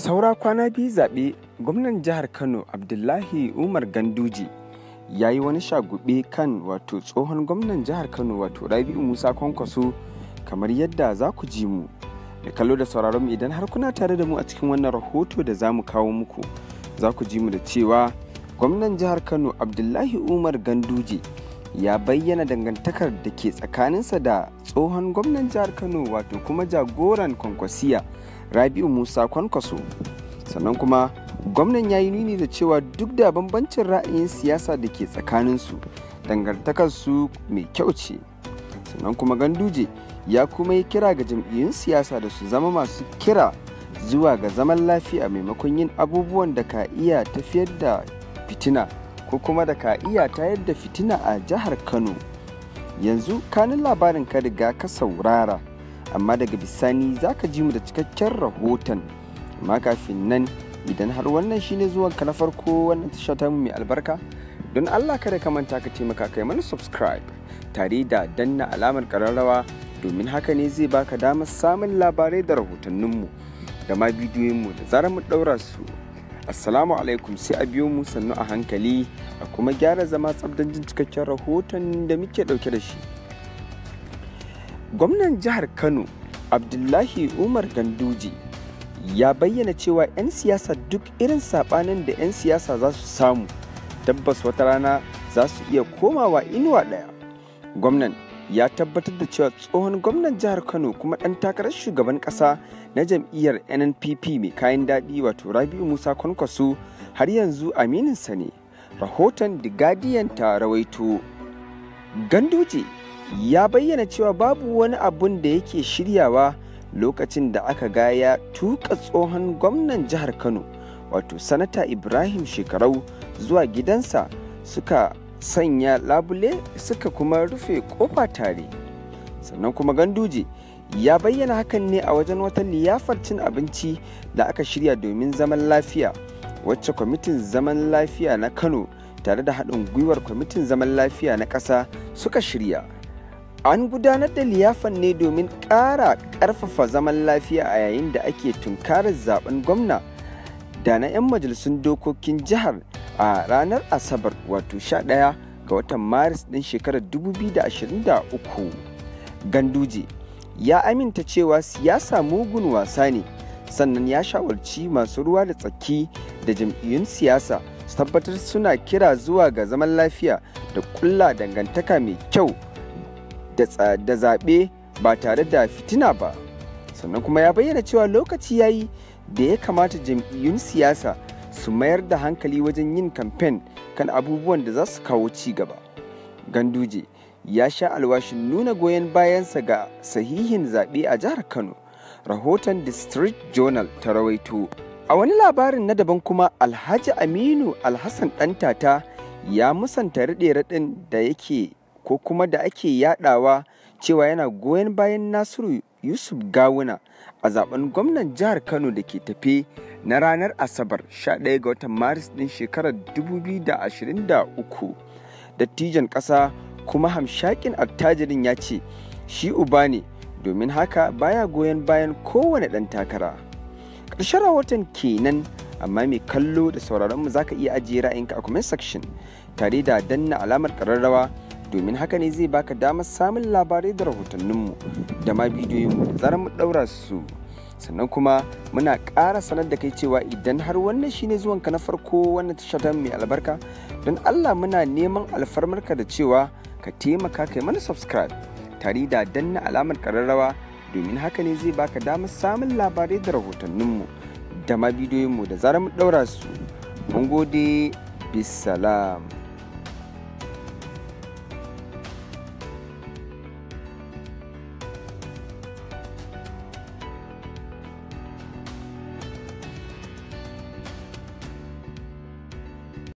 saura kwana biyu zaɓe gwamnan jihar kano abdullahi umar ganduji ya yi wani shagube kan wato tsohon gwamnan jihar kano wato rabi'u musa kwankwaso kamar yadda za ku ji mu da kallo da sauraron idan har kuna tare da mu a cikin wannan rahoto da za mu kawo muku za ku ji mu da cewa gwamnan jihar kano abdullahi umar Ganduji ya bayyana dangantakar da ke tsakaninsa da tsohon gwamnan jihar kano wato kuma jagoran kwankwasiya rabiu musa kwankwaso sannan kuma gwamnan ya yi nuni da cewa duk da bambancin ra'ayin siyasa da ke tsakaninsu dangantakarsu mai kyau ce sannan kuma ganduje ya kuma yi kira ga jam'iyyun siyasa da su zama masu kira zuwa ga zaman lafiya maimakon yin abubuwan da ka iya tafiyar da fitina ko kuma da ka iya tayar da fitina a jihar kano yanzu kanin labarin ka riga ka saurara amma daga bisani za ka ji mu da cikakken rahoton amma kafin nan idan har wannan shine zuwan ka na farko wannan tasha ta mai albarka don allah kada ka manta ka taimaka kai mana subscribe tare da danna alamar kararrawa domin haka ne zai baka damar samun labarai da rahotanninmu da ma bidiyoyinmu da zarar mu daura su assalamu alaikum sai a biyo mu sannu a hankali a kuma gyara zama tsabdan jin cikakken rahoton da muke ɗauke da shi gwamnan jihar kano abdullahi umar Ganduji ya bayyana cewa 'yan siyasa duk irin saɓanin da 'yan siyasa za su samu tabbas wata rana za su iya komawa inuwa ɗaya gwamnan ya tabbatar da cewa tsohon gwamnan jihar kano kuma ɗan takarar shugaban ƙasa na jam'iyyar nnpp mai kayan daɗi wato rabi'u musa kwankwaso har yanzu amininsa ne rahoton the guardian ta rawaito ganduje ya bayyana cewa babu wani abun da yake shiryawa lokacin da aka gaya ya tuka tsohon gwamnan jihar kano wato sanata ibrahim shekarau zuwa gidansa suka sanya labule suka kuma rufe kofa tare sannan kuma ganduje ya bayyana hakan ne a wajen wata liyafar cin abinci da aka shirya domin zaman lafiya wacce kwamitin zaman lafiya na kano tare da haɗin gwiwar kwamitin zaman lafiya na ƙasa suka shirya an gudanar da liyafan ne domin ƙara ƙarfafa zaman lafiya a yayin da ake tunkarar zaben gwamna da na 'yan majalisun dokokin jihar a ranar asabar wato 11 ga watan maris ɗin shekarar 2023 ganduje ya aminta cewa siyasa mugun wasa ne sannan ya shawarci masu ruwa da tsaki da jam'iyyun siyasa su tabbatar suna kira zuwa ga zaman lafiya da kulla dangantaka mai kyau da zaɓe ba tare da fitina ba sannan kuma ya bayyana cewa lokaci ya yi da ya kamata jam'iyyun siyasa su mayar da hankali wajen yin kamfen kan abubuwan da za su kawo ci gaba ganduje ya sha alwashin nuna goyon bayansa ga sahihin zaɓe a jihar kano rahoton district journal ta rawaito a wani labarin na daban kuma alhaji aminu alhassan ɗantata ya musanta raɗe-raɗin da yake ko kuma da ake yadawa cewa yana goyon bayan Nasiru Yusuf Gawuna a zaben gwamnan jihar Kano da ke tafe na ranar Asabar 11 ga watan Maris din shekarar 2023. Dattijan ƙasa kuma hamshakin attajirin ya ce shi uba ne domin haka baya goyon bayan kowane ɗan takara. Ƙarshen rahoton kenan amma mai kallo da sauraron mu zaka iya ajiye ra'ayinka a comment section tare da danna alamar ƙararrawa domin haka ne zai baka damar samun labarai da rahotanninmu da ma bidiyoyinmu da mu daura su sannan kuma muna ƙara sanar da kai cewa idan har wannan shine zuwanka na farko wannan tashata mai albarka don allah muna neman alfarmarka da cewa ka taimaka kai mana subscribe tare da danna alamar kararrawa domin haka ne zai baka damar samun labarai da rahotanninmu da ma bidiyoyinmu da zarar mu daura su mun gode bisalam